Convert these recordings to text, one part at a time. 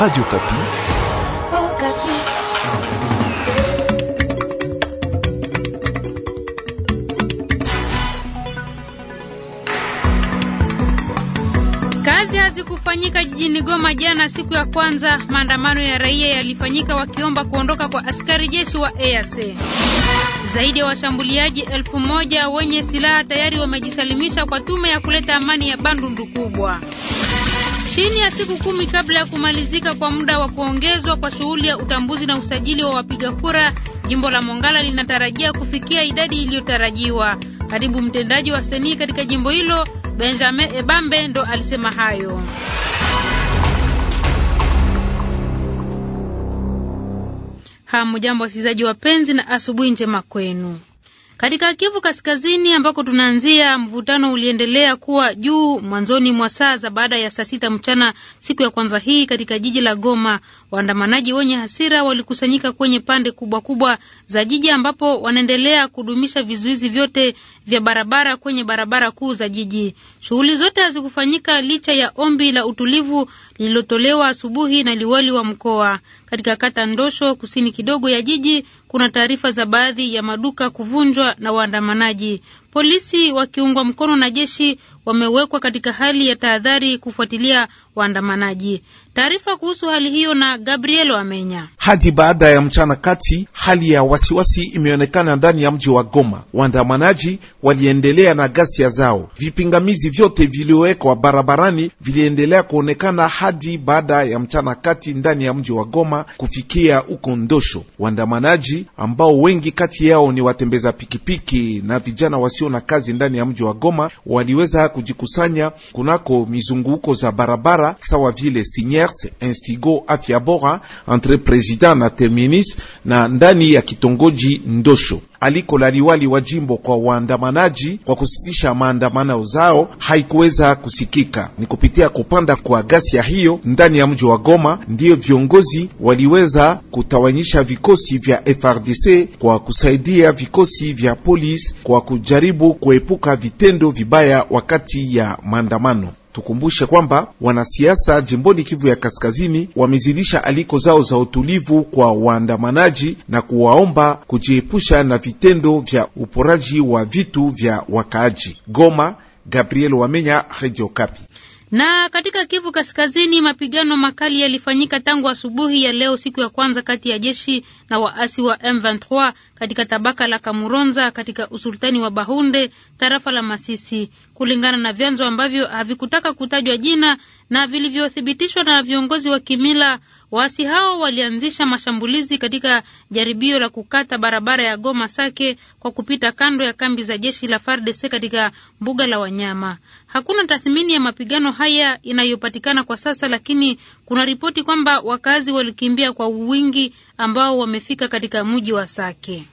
Radio Okapi. Kazi hazikufanyika jijini Goma jana siku ya kwanza. Maandamano ya raia yalifanyika wakiomba kuondoka kwa askari jeshi wa EAC. Zaidi ya washambuliaji elfu moja wenye silaha tayari wamejisalimisha kwa tume ya kuleta amani ya Bandundu kubwa. Chini ya siku kumi kabla ya kumalizika kwa muda wa kuongezwa kwa shughuli ya utambuzi na usajili wa wapiga kura, jimbo la Mongala linatarajia kufikia idadi iliyotarajiwa. Katibu mtendaji wa seni katika jimbo hilo Benjamin Ebambe ndo alisema hayo. Hamujambo wasikilizaji wapenzi, na asubuhi njema kwenu. Katika Kivu Kaskazini ambako tunaanzia, mvutano uliendelea kuwa juu mwanzoni mwa saa za baada ya saa sita mchana siku ya kwanza hii katika jiji la Goma. Waandamanaji wenye hasira walikusanyika kwenye pande kubwa kubwa za jiji ambapo wanaendelea kudumisha vizuizi vyote vya barabara kwenye barabara kuu za jiji. Shughuli zote hazikufanyika licha ya ombi la utulivu lililotolewa asubuhi na liwali wa mkoa katika kata Ndosho kusini kidogo ya jiji kuna taarifa za baadhi ya maduka kuvunjwa na waandamanaji. Polisi wakiungwa mkono na jeshi wamewekwa katika hali ya tahadhari kufuatilia waandamanaji. Taarifa kuhusu hali hiyo na Gabriel Wamenya. Hadi baada ya mchana kati, hali ya wasiwasi imeonekana ndani ya mji wa Goma. Waandamanaji waliendelea na ghasia zao. Vipingamizi vyote viliowekwa barabarani viliendelea kuonekana hadi baada ya mchana kati ndani ya mji wa Goma kufikia huko Ndosho. Waandamanaji ambao wengi kati yao ni watembeza pikipiki na vijana wasio na kazi ndani ya mji wa Goma waliweza kujikusanya kunako mizunguko za barabara sawa vile Signers, Instigo, Afya Bora entre president na terminis na ndani ya kitongoji Ndosho aliko alikolaliwali wa jimbo kwa waandamanaji kwa kusitisha maandamano zao haikuweza kusikika. Ni kupitia kupanda kwa ghasia hiyo ndani ya mji wa Goma ndiyo viongozi waliweza kutawanyisha vikosi vya FRDC kwa kusaidia vikosi vya polisi kwa kujaribu kuepuka vitendo vibaya wakati ya maandamano. Tukumbushe kwamba wanasiasa jimboni Kivu ya Kaskazini wamezidisha aliko zao za utulivu kwa waandamanaji na kuwaomba kujiepusha na vitendo vya uporaji wa vitu vya wakaaji. Goma, Gabriel Wamenya, Radio Okapi. Na katika Kivu Kaskazini, mapigano makali yalifanyika tangu asubuhi ya leo, siku ya kwanza, kati ya jeshi na waasi wa M23 katika tabaka la Kamuronza katika usultani wa Bahunde tarafa la Masisi, kulingana na vyanzo ambavyo havikutaka kutajwa jina na vilivyothibitishwa na viongozi wa kimila. Waasi hao walianzisha mashambulizi katika jaribio la kukata barabara ya Goma Sake kwa kupita kando ya kambi za jeshi la FARDC katika mbuga la wanyama. Hakuna tathmini ya mapigano haya inayopatikana kwa sasa, lakini kuna ripoti kwamba wakazi walikimbia kwa wingi ambao wame umefika katika mji wa Sake.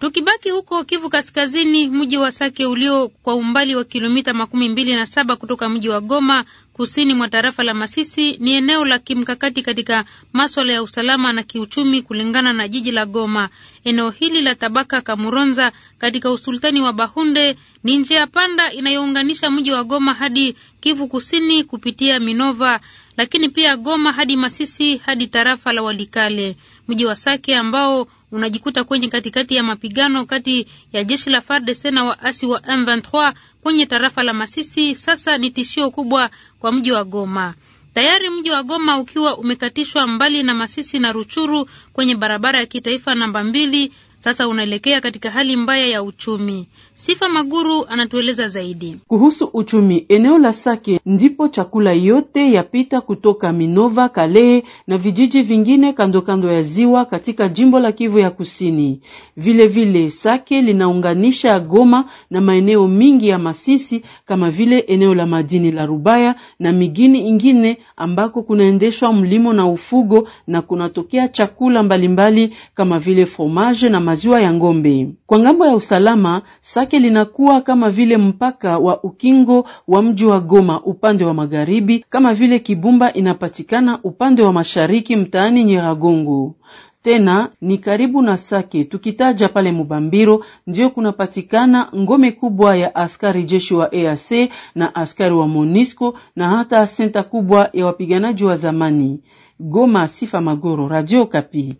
Tukibaki huko Kivu Kaskazini, mji wa Sake ulio kwa umbali wa kilomita makumi mbili na saba kutoka mji wa Goma, kusini mwa tarafa la Masisi, ni eneo la kimkakati katika maswala ya usalama na kiuchumi kulingana na jiji la Goma. Eneo hili la tabaka Kamuronza katika usultani wa Bahunde ni njia panda inayounganisha mji wa Goma hadi Kivu Kusini kupitia Minova lakini pia Goma hadi Masisi hadi tarafa la Walikale, mji wa Sake ambao unajikuta kwenye katikati ya mapigano kati ya jeshi la FARDC na waasi wa M23 kwenye tarafa la Masisi, sasa ni tishio kubwa kwa mji wa Goma. Tayari mji wa Goma ukiwa umekatishwa mbali na Masisi na Ruchuru kwenye barabara ya kitaifa namba mbili, sasa unaelekea katika hali mbaya ya uchumi. Sifa Maguru anatueleza zaidi kuhusu uchumi. Eneo la Sake ndipo chakula yote yapita kutoka Minova, Kalehe na vijiji vingine kando kando ya ziwa katika jimbo la Kivu ya Kusini. Vilevile vile, Sake linaunganisha Goma na maeneo mingi ya Masisi kama vile eneo la madini la Rubaya na migini ingine ambako kunaendeshwa mlimo na ufugo na kunatokea chakula mbalimbali mbali, kama vile fromage na maziwa ya ngombe. Kwa ngambo ya usalama Sake lake linakuwa kama vile mpaka wa ukingo wa mji wa Goma upande wa magharibi, kama vile Kibumba inapatikana upande wa mashariki mtaani Nyiragongo tena ni karibu na Sake. Tukitaja pale Mubambiro ndio kunapatikana ngome kubwa ya askari jeshi wa EAC na askari wa Monisco na hata senta kubwa ya wapiganaji wa zamani. Goma, Sifa Magoro, Radio Kapi.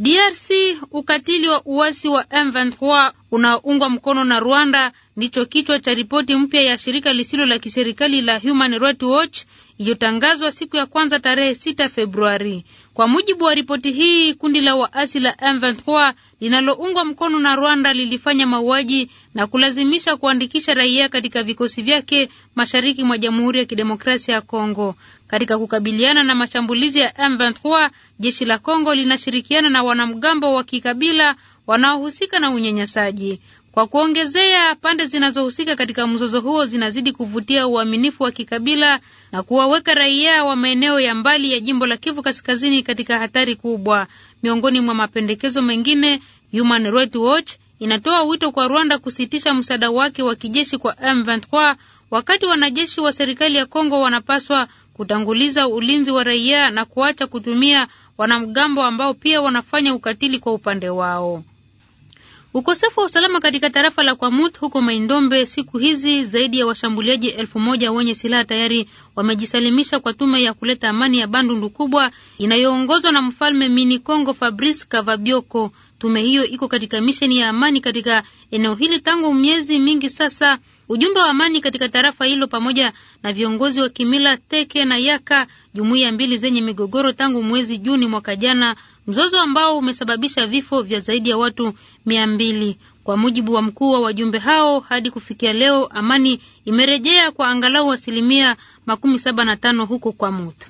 DRC ukatili wa uasi wa M23 unaoungwa mkono na Rwanda ndicho kichwa cha ripoti mpya ya shirika lisilo la kiserikali la Human Rights Watch iliyotangazwa siku ya kwanza tarehe 6 Februari. Kwa mujibu wa ripoti hii, kundi la waasi la M23 linaloungwa mkono na Rwanda lilifanya mauaji na kulazimisha kuandikisha raia katika vikosi vyake mashariki mwa Jamhuri ya Kidemokrasia ya Kongo. Katika kukabiliana na mashambulizi ya M23, jeshi la Kongo linashirikiana na wanamgambo wa kikabila wanaohusika na unyanyasaji. Kwa kuongezea, pande zinazohusika katika mzozo huo zinazidi kuvutia uaminifu wa kikabila na kuwaweka raia wa maeneo ya mbali ya jimbo la Kivu Kaskazini katika hatari kubwa. Miongoni mwa mapendekezo mengine, Human Rights Watch inatoa wito kwa Rwanda kusitisha msaada wake wa kijeshi kwa M23 wakati wanajeshi wa serikali ya Kongo wanapaswa kutanguliza ulinzi wa raia na kuacha kutumia wanamgambo ambao pia wanafanya ukatili kwa upande wao. Ukosefu wa usalama katika tarafa la kwamut huko Maindombe siku hizi, zaidi ya washambuliaji elfu moja wenye silaha tayari wamejisalimisha kwa tume ya kuleta amani ya Bandundu kubwa inayoongozwa na mfalme Mini Kongo Fabrice Kavabioko. Tume hiyo iko katika misheni ya amani katika eneo hili tangu miezi mingi sasa Ujumbe wa amani katika tarafa hilo pamoja na viongozi wa kimila Teke na Yaka, jumuiya mbili zenye migogoro tangu mwezi Juni mwaka jana, mzozo ambao umesababisha vifo vya zaidi ya watu mia mbili. Kwa mujibu wa mkuu wa wajumbe hao, hadi kufikia leo amani imerejea kwa angalau asilimia makumi saba na tano huko kwa Mutu.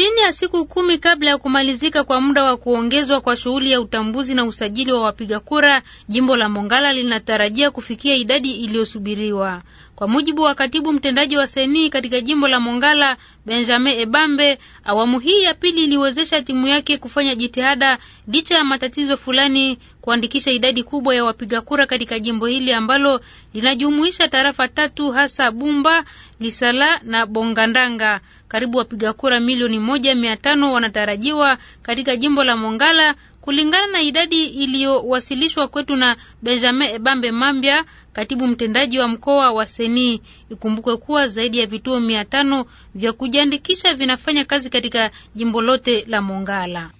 Chini ya siku kumi kabla ya kumalizika kwa muda wa kuongezwa kwa shughuli ya utambuzi na usajili wa wapiga kura, jimbo la Mongala linatarajia kufikia idadi iliyosubiriwa. Kwa mujibu wa katibu mtendaji wa Seni katika jimbo la Mongala, Benjamin Ebambe, awamu hii ya pili iliwezesha timu yake kufanya jitihada licha ya matatizo fulani kuandikisha idadi kubwa ya wapiga kura katika jimbo hili ambalo linajumuisha tarafa tatu hasa Bumba, Lisala na Bongandanga. Karibu wapiga kura milioni moja mia tano wanatarajiwa katika jimbo la Mongala kulingana na idadi iliyowasilishwa kwetu na Benjamin Ebambe Mambya, katibu mtendaji wa mkoa wa Seni. Ikumbukwe kuwa zaidi ya vituo mia tano vya kujiandikisha vinafanya kazi katika jimbo lote la Mongala.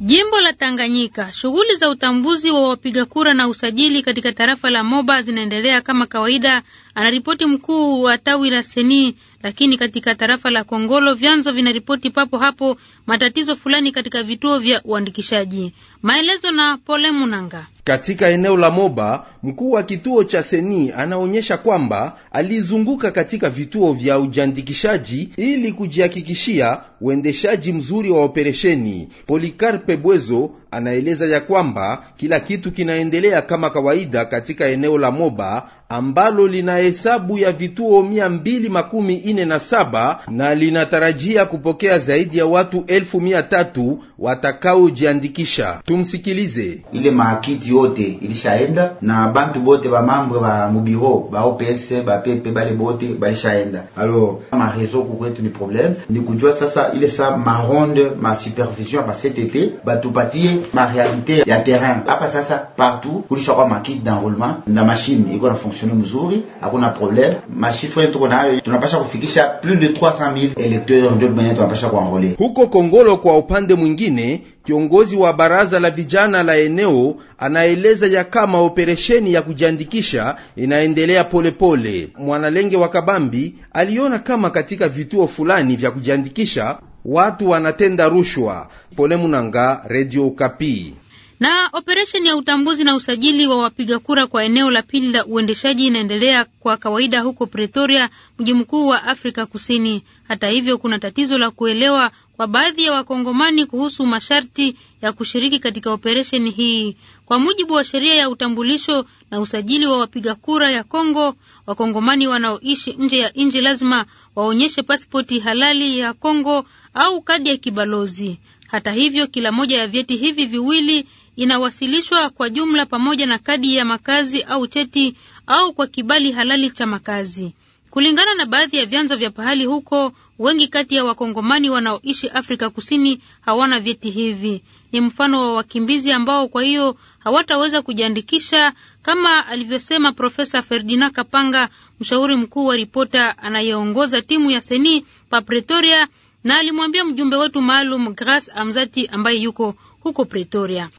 Jimbo la Tanganyika, shughuli za utambuzi wa wapiga kura na usajili katika tarafa la Moba zinaendelea kama kawaida anaripoti mkuu wa tawi la Seni. Lakini katika tarafa la Kongolo vyanzo vinaripoti papo hapo matatizo fulani katika vituo vya uandikishaji. Maelezo na Pole Munanga. Katika eneo la Moba, mkuu wa kituo cha Seni anaonyesha kwamba alizunguka katika vituo vya ujiandikishaji ili kujihakikishia uendeshaji mzuri wa operesheni. Polikarpe Bwezo anaeleza ya kwamba kila kitu kinaendelea kama kawaida katika eneo la Moba ambalo lina hesabu ya vituo mia mbili makumi ine na saba na linatarajia kupokea zaidi ya watu elfu mia tatu watakaojiandikisha. Tumsikilize. Ile maakiti yote ilishaenda na bantu bote ba mambo ba mubiro ba OPS ba pepe bale bote balishaenda. Alo rezo kukwetu ni problem ni kujua sasa ile sa maronde ma supervision ba CTT batupatie ni marealite ya terrain hapa sasa. Partout kulishakuwa makiti d'enrolement na mashine iko na fonctionne mzuri, hakuna probleme. Mashifre tuko nayo, tunapasha kufikisha plus de 300000 electeurs ndio mwenye tunapasha kuenrole huko Kongolo. Kwa upande mwingine, kiongozi wa baraza la vijana la eneo anaeleza ya kama operesheni ya kujiandikisha inaendelea polepole pole. Mwanalenge wa Kabambi aliona kama katika vituo fulani vya kujiandikisha watu wanatenda rushwa. Pole Munanga, Radio Okapi. Na operesheni ya utambuzi na usajili wa wapiga kura kwa eneo la pili la uendeshaji inaendelea kwa kawaida huko Pretoria, mji mkuu wa Afrika Kusini. Hata hivyo, kuna tatizo la kuelewa wa baadhi ya Wakongomani kuhusu masharti ya kushiriki katika operesheni hii. Kwa mujibu wa sheria ya utambulisho na usajili wa wapiga kura ya Kongo, Wakongomani wanaoishi nje ya nchi lazima waonyeshe pasipoti halali ya Kongo au kadi ya kibalozi. Hata hivyo, kila moja ya vyeti hivi viwili inawasilishwa kwa jumla pamoja na kadi ya makazi au cheti au kwa kibali halali cha makazi. Kulingana na baadhi ya vyanzo vya pahali huko, wengi kati ya wakongomani wanaoishi Afrika Kusini hawana vyeti hivi. Ni mfano wa wakimbizi ambao kwa hiyo hawataweza kujiandikisha, kama alivyosema Profesa Ferdinand Kapanga, mshauri mkuu wa ripota anayeongoza timu ya Seni pa Pretoria, na alimwambia mjumbe wetu maalum Grace Amzati ambaye yuko huko Pretoria.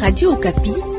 Radio Kapi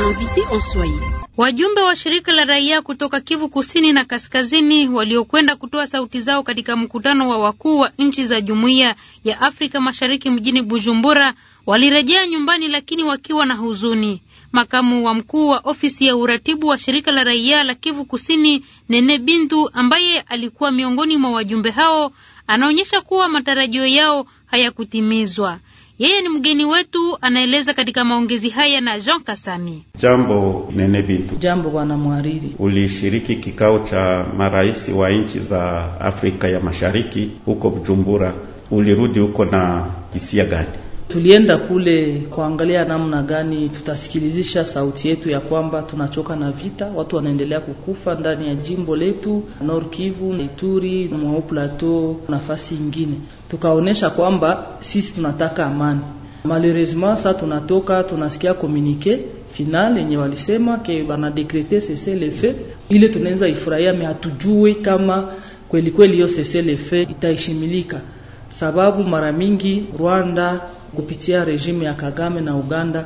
invité Oswai. Wajumbe wa shirika la raia kutoka Kivu Kusini na Kaskazini waliokwenda kutoa sauti zao katika mkutano wa wakuu wa nchi za Jumuiya ya Afrika Mashariki mjini Bujumbura walirejea nyumbani lakini wakiwa na huzuni. Makamu wa mkuu wa ofisi ya uratibu wa shirika la raia la Kivu Kusini, Nene Bindu, ambaye alikuwa miongoni mwa wajumbe hao, anaonyesha kuwa matarajio yao hayakutimizwa. Yeye ni mgeni wetu, anaeleza katika maongezi haya na Jean Kasami. Jambo Nene Bintu. Jambo bwana mhariri. Ulishiriki kikao cha marais wa nchi za Afrika ya Mashariki huko Bujumbura, ulirudi huko na hisia gani? Tulienda kule kuangalia namna gani tutasikilizisha sauti yetu ya kwamba tunachoka na vita, watu wanaendelea kukufa ndani ya jimbo letu Nord Kivu, Ituri, Mwau Plateau, nafasi ingine. Tukaonesha kwamba sisi tunataka amani. Malheureusement sasa tunatoka tunasikia komunike final yenye walisema ke bana decrete cesse le feu, ile tunaweza ifurahia, me hatujui kama kweli kweli hiyo cesse le feu itaishimilika, sababu mara mingi Rwanda kupitia regime ya Kagame na Uganda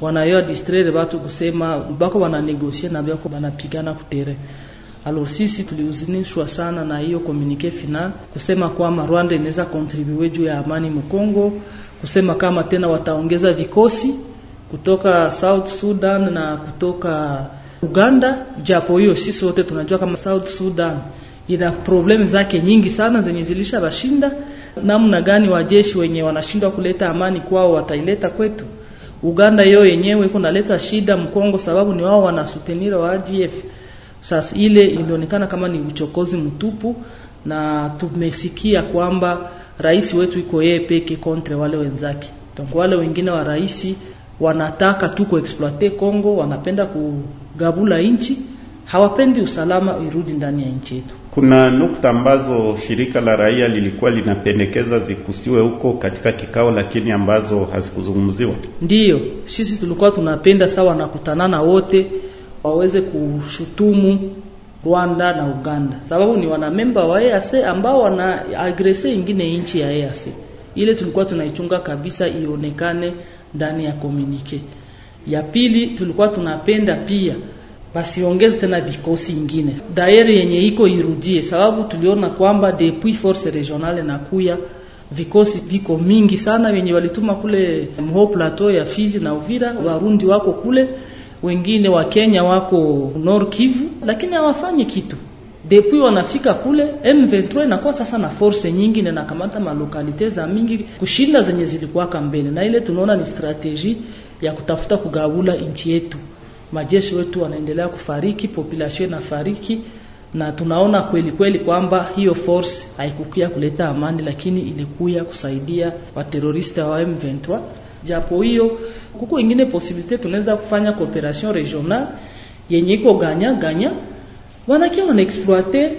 wanayo distraire watu kusema bako wana wananegosia na bako wanapigana kutere. Alors sisi tulihuzinishwa sana na hiyo communique final kusema kwamba Rwanda inaweza contribue juu ya amani mkongo, kusema kama tena wataongeza vikosi kutoka South Sudan na kutoka Uganda, japo hiyo sisi wote tunajua kama South Sudan ina problem zake nyingi sana zenye zilisha bashinda namna gani wajeshi wenye wanashindwa kuleta amani kwao wataileta kwetu? Uganda yao yenyewe iko naleta shida Mkongo, sababu ni wao wanasutenira wa ADF. Sasa ile ilionekana kama ni uchokozi mtupu, na tumesikia kwamba rais wetu iko yeye peke kontre wale wenzake. Donc wale wengine wa rais wanataka tu kuexploite Kongo, wanapenda kugabula nchi, hawapendi usalama irudi ndani ya nchi yetu. Kuna nukta ambazo shirika la raia lilikuwa linapendekeza zikusiwe huko katika kikao, lakini ambazo hazikuzungumziwa. Ndiyo, sisi tulikuwa tunapenda sawa na kutanana wote waweze kushutumu Rwanda na Uganda, sababu ni wanamemba wa EAC ambao wana agrese ingine nchi ya EAC. Ile tulikuwa tunaichunga kabisa ionekane ndani ya komunike ya pili. Tulikuwa tunapenda pia basiongeze tena vikosi ingine, daeri yenye iko irudie, sababu tuliona kwamba depuis force regionale nakuya vikosi viko mingi sana wenye walituma kule mho plateau ya Fizi na Uvira, Warundi wako kule, wengine wa Kenya wako Nord Kivu, lakini hawafanyi kitu depuis wanafika kule. M23 inakuwa sasa na force nyingi na nakamata malokalite za mingi kushinda zenye zilikuwa kambele, na ile tunaona ni strategy ya kutafuta kugawula nchi yetu majeshi wetu wanaendelea kufariki, population inafariki, na tunaona kweli kweli kwamba hiyo force haikukia kuleta amani, lakini ilikuya kusaidia wateroriste wa M23. Japo hiyo kuko ingine posibilite, tunaweza kufanya cooperation regional yenye iko ganya ganya, wanakia wanaexploite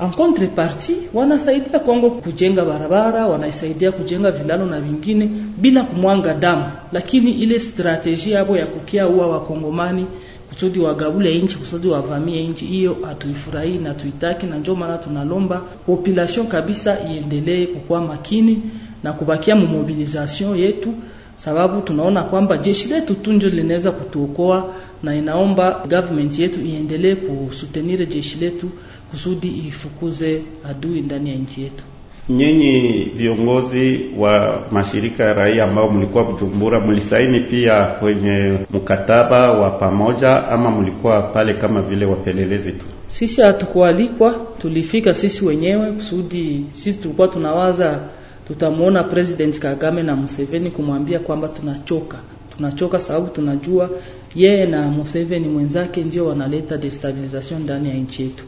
En contrepartie wanasaidia Kongo kujenga barabara, wanasaidia kujenga vilalo na vingine bila kumwanga damu, lakini ile strateji yabo ya kukia uwa wakongomani kusudi wagabule inchi kusudi wavamie inchi hiyo hatuifurahii na tuitaki, na ndio maana tunalomba population kabisa iendelee kukuwa makini na kubakia mumobilization yetu, sababu tunaona kwamba jeshi letu tunjo linaweza kutuokoa, na inaomba government yetu iendelee kusutenire jeshi letu kusudi ifukuze adui ndani ya nchi yetu. Nyinyi viongozi wa mashirika ya raia ambao mlikuwa Bujumbura, mlisaini pia kwenye mkataba wa pamoja ama mlikuwa pale kama vile wapelelezi tu? Sisi hatukualikwa, tulifika sisi wenyewe kusudi. Sisi tulikuwa tunawaza tutamwona President Kagame na Museveni kumwambia kwamba tunachoka, tunachoka sababu tunajua yeye na Museveni mwenzake ndio wanaleta destabilization ndani ya nchi yetu.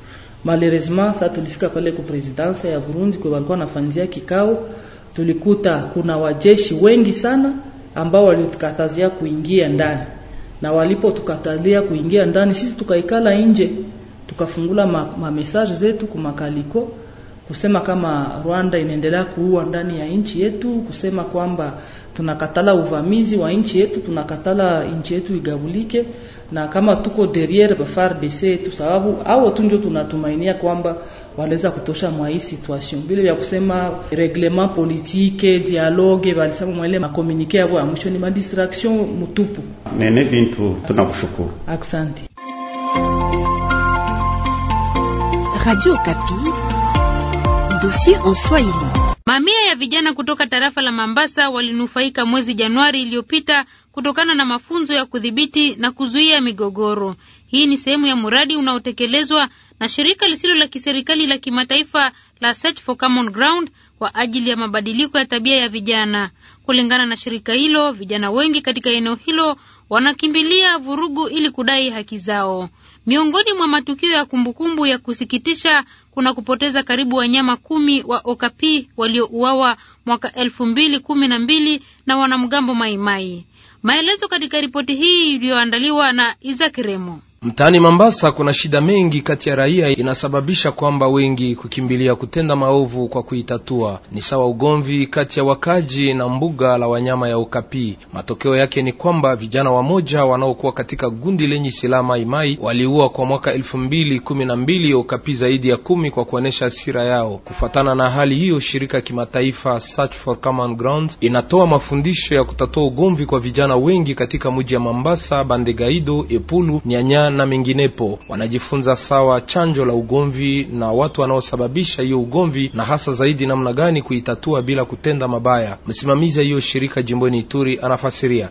Malheureusement sasa tulifika pale ku presidence ya Burundi kwa walikuwa nafanzia kikao, tulikuta kuna wajeshi wengi sana ambao walitukatazia kuingia ndani, na walipotukatalia kuingia ndani, sisi tukaikala nje tukafungula ma, ma message zetu kumakaliko kusema kama Rwanda inaendelea kuua ndani ya nchi yetu, kusema kwamba tunakatala uvamizi wa nchi yetu, tunakatala nchi yetu igabulike, na kama tuko derriere ba FARDC tu, sababu hao tu ndio tunatumainia kwamba wanaweza kutosha mwa hii situation, bila ya kusema reglement politique dialogue, balisema mwele makomunike yao ya mwisho ni madistraction mutupu. Nene Bintu, tunakushukuru, asante. Radio Kapi dossier en Swahili. Mamia ya vijana kutoka tarafa la Mambasa walinufaika mwezi Januari iliyopita kutokana na mafunzo ya kudhibiti na kuzuia migogoro. Hii ni sehemu ya mradi unaotekelezwa na shirika lisilo la kiserikali la kimataifa la Search for Common Ground kwa ajili ya mabadiliko ya tabia ya vijana. Kulingana na shirika hilo, vijana wengi katika eneo hilo wanakimbilia vurugu ili kudai haki zao. Miongoni mwa matukio ya kumbukumbu ya kusikitisha kuna kupoteza karibu wanyama kumi wa Okapi waliouawa mwaka elfu mbili kumi na mbili na wanamgambo Maimai. Maelezo katika ripoti hii iliyoandaliwa na Isaac Remo. Mtaani Mambasa kuna shida mengi kati ya raia, inasababisha kwamba wengi kukimbilia kutenda maovu kwa kuitatua. Ni sawa ugomvi kati ya wakaji na mbuga la wanyama ya Okapi. Matokeo yake ni kwamba vijana wamoja wanaokuwa katika gundi lenye silaha Maimai waliua kwa mwaka elfu mbili kumi na mbili Okapi zaidi ya kumi kwa kuonyesha hasira yao. Kufatana na hali hiyo, shirika ya kimataifa Search for Common Ground inatoa mafundisho ya kutatua ugomvi kwa vijana wengi katika mji ya Mambasa, Bandegaido, Epulu, Nyanya na menginepo. Wanajifunza sawa chanjo la ugomvi na watu wanaosababisha hiyo ugomvi, na hasa zaidi namna gani kuitatua bila kutenda mabaya. Msimamizi hiyo shirika jimboni Ituri anafasiria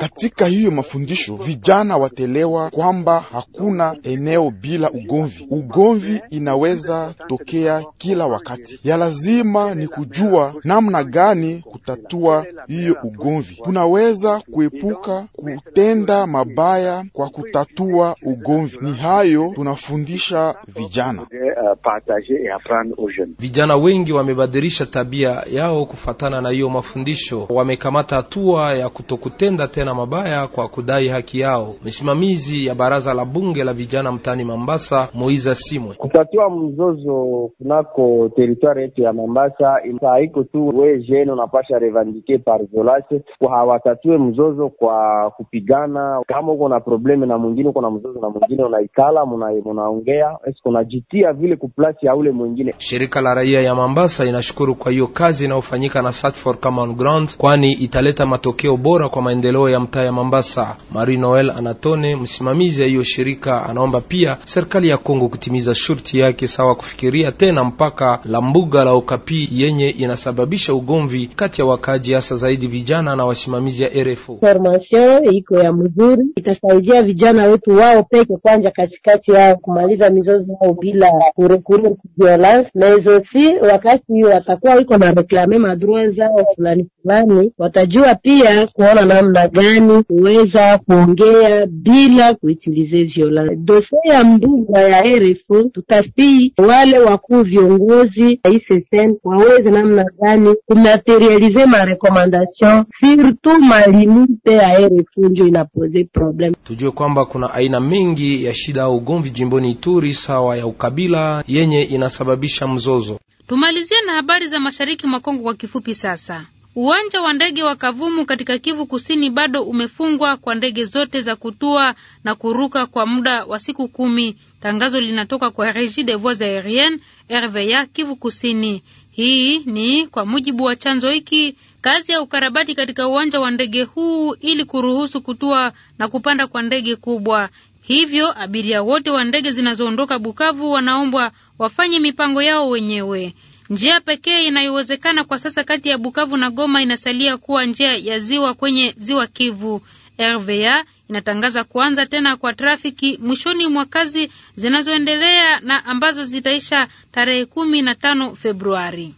katika hiyo mafundisho, vijana watelewa kwamba hakuna eneo bila ugomvi. Ugomvi inaweza tokea kila wakati, ya lazima ni kujua namna gani kutatua hiyo ugomvi. Tunaweza kuepuka kutenda mabaya kwa kutatua ugomvi. Ni hayo tunafundisha vijana. Vijana wengi wamebadilisha tabia yao kufatana na hiyo mafundisho, wamekamata hatua ya kutokutenda tena mabaya kwa kudai haki yao. Msimamizi ya baraza la bunge la vijana mtaani Mambasa, Moiza Simwe: kutatua mzozo kunako teritwari yetu ya Mambasa haiko tu we jene unapasha revandike par violence, hawatatue mzozo kwa kupigana kama uko na probleme na mwingine, uko na mzozo na mwingine, unaikala munaongea, unajitia vile kuplasi ya ule mwingine. Shirika la raia ya Mambasa inashukuru kwa hiyo kazi inayofanyika na Search for Common Ground, kwani italeta matokeo bora kwa maendeleo ya mtaa ya Mambasa. Marie Noel Anatone, msimamizi ya hiyo shirika, anaomba pia serikali ya Kongo kutimiza shurti yake sawa kufikiria tena mpaka la mbuga la Okapi yenye inasababisha ugomvi kati ya wakaji hasa zaidi vijana na wasimamizi ya RFO. Formation iko ya mzuri itasaidia kuwarejea vijana wetu wao peke kwanja katikati yao kumaliza mizozo yao bila kurekuri violence mezosi, wakati watakuwa wiko na reklame madroit zao fulani fulani, watajua pia kuona namna gani kuweza kuongea bila kuitilize violence. Dosie ya mbuga ya RFO tutasii wale wakuu viongozi ICCN waweze namna gani kumaterialize marekomandation surtout malimite ya RFO njo inapoze problem Tujue kwamba kuna aina mingi ya shida au ugomvi jimboni Ituri sawa ya ukabila yenye inasababisha mzozo. Tumalizie na habari za mashariki mwa Kongo kwa kifupi sasa. Uwanja wa ndege wa Kavumu katika Kivu Kusini bado umefungwa kwa ndege zote za kutua na kuruka kwa muda wa siku kumi. Tangazo linatoka kwa Regie des Voies Aeriennes RVA Kivu Kusini. Hii ni kwa mujibu wa chanzo hiki, kazi ya ukarabati katika uwanja wa ndege huu ili kuruhusu kutua na kupanda kwa ndege kubwa. Hivyo abiria wote wa ndege zinazoondoka Bukavu wanaombwa wafanye mipango yao wenyewe. Njia pekee inayowezekana kwa sasa kati ya Bukavu na Goma inasalia kuwa njia ya ziwa kwenye ziwa Kivu. RVA inatangaza kuanza tena kwa trafiki mwishoni mwa kazi zinazoendelea na ambazo zitaisha tarehe kumi na tano Februari.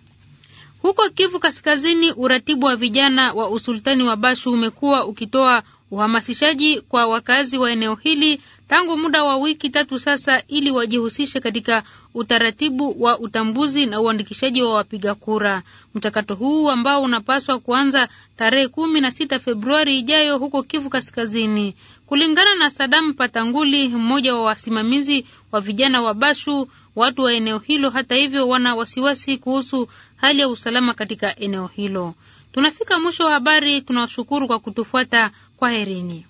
Huko Kivu Kaskazini, uratibu wa vijana wa usultani wa Bashu umekuwa ukitoa uhamasishaji kwa wakazi wa eneo hili tangu muda wa wiki tatu sasa, ili wajihusishe katika utaratibu wa utambuzi na uandikishaji wa wapiga kura. Mchakato huu ambao unapaswa kuanza tarehe kumi na sita Februari ijayo huko Kivu Kaskazini, kulingana na Sadamu Patanguli, mmoja wa wasimamizi wa vijana wa Bashu. Watu wa eneo hilo, hata hivyo, wana wasiwasi kuhusu hali ya usalama katika eneo hilo. Tunafika mwisho wa habari. Tunawashukuru kwa kutufuata. Kwaherini.